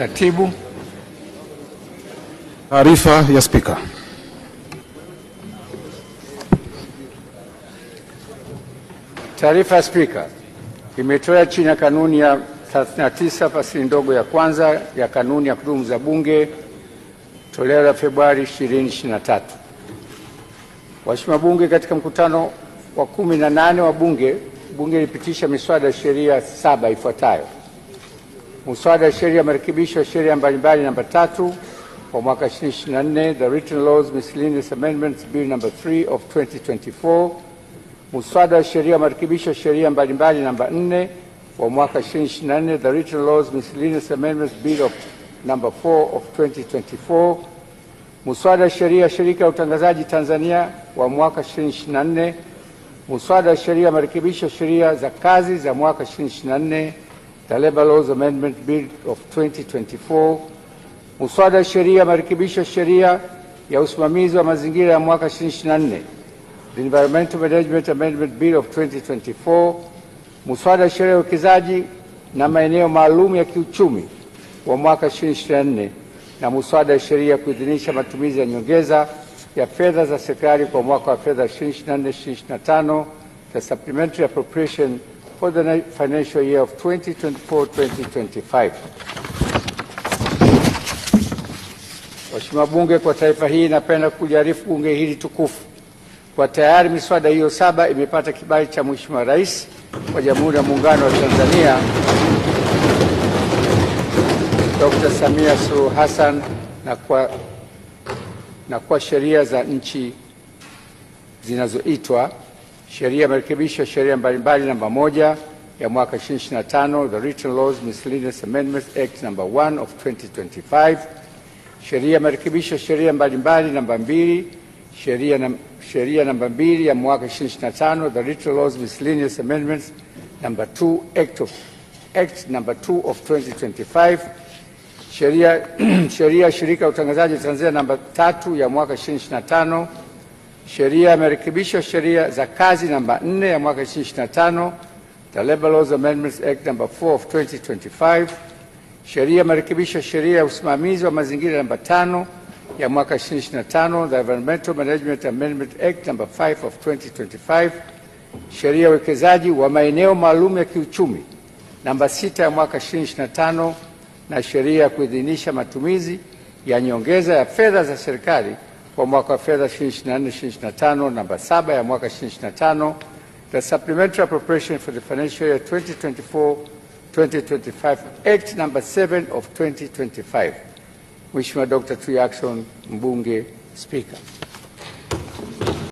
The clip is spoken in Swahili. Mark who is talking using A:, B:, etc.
A: Katibu. Taarifa ya Spika.
B: Taarifa ya Spika imetoa chini ya kanuni ya 39 fasili ndogo ya kwanza ya kanuni ya kudumu za Bunge toleo la Februari 2023. Waheshimiwa Bunge, katika mkutano wa 18 wa Bunge, Bunge ilipitisha miswada ya sheria saba ifuatayo Muswada wa Sheria ya Marekebisho ya Sheria Mbalimbali namba tatu kwa mwaka 2024, the Written Laws Miscellaneous Amendments Bill number 3 of 2024, Muswada wa Sheria ya Marekebisho ya Sheria Mbalimbali namba 4 kwa mwaka 2024, the Written Laws Miscellaneous Amendments Bill of number 4 of 2024, Muswada wa Sheria ya Shirika la Utangazaji Tanzania wa mwaka 2024, Muswada wa Sheria ya Marekebisho Sheria za Kazi za mwaka 2024 the Labour Laws Amendment Bill of 2024, muswada wa sheria marekebisho sheria ya usimamizi wa mazingira ya mwaka 2024, the Environmental Management Amendment Bill of 2024, muswada wa sheria ya uwekezaji na maeneo maalum ya kiuchumi wa mwaka 2024 na muswada wa sheria ya kuidhinisha matumizi ya nyongeza ya fedha za serikali kwa mwaka wa fedha 2024/2025, the Supplementary Appropriation for the financial year of 2024-2025. Waheshimiwa Bunge, kwa taifa hii napenda kujarifu Bunge hili tukufu kwa tayari miswada hiyo saba imepata kibali cha Mheshimiwa Rais wa Jamhuri ya Muungano wa Tanzania Dr. Samia Suluhu Hassan na kwa, na kwa sheria za nchi zinazoitwa Sheria marekebisho ya sheria mbalimbali namba moja ya mwaka 2025, the Written Laws Miscellaneous Amendments Act number 1 of 2025, sheria marekebisho ya sheria mbalimbali namba mbili sheria na, sheria namba mbili ya mwaka 2025, the Written Laws Miscellaneous Amendments number 2 Act of Act number 2 of 2025, sheria sheria shirika ya utangazaji Tanzania namba 3 ya mwaka 2025 sheria ya marekebisho sheria za kazi namba 4 ya mwaka 2025, the Labor Laws Amendments Act number 4 of 2025, sheria ya marekebisho sheria ya usimamizi wa mazingira namba 5 ya mwaka 2025, the Environmental Management Amendment Act number 5 of 2025, sheria ya uwekezaji wa maeneo maalum ya kiuchumi namba 6 ya mwaka 2025 na sheria ya kuidhinisha matumizi ya nyongeza ya fedha za serikali kwa mwaka wa fedha 2024/2025 namba 7 ya mwaka 2025, the Supplementary Appropriation for the Financial Year 2024-2025 Act number 7 of 2025. Mheshimiwa Dr. Tuya Ackson, mbunge spika.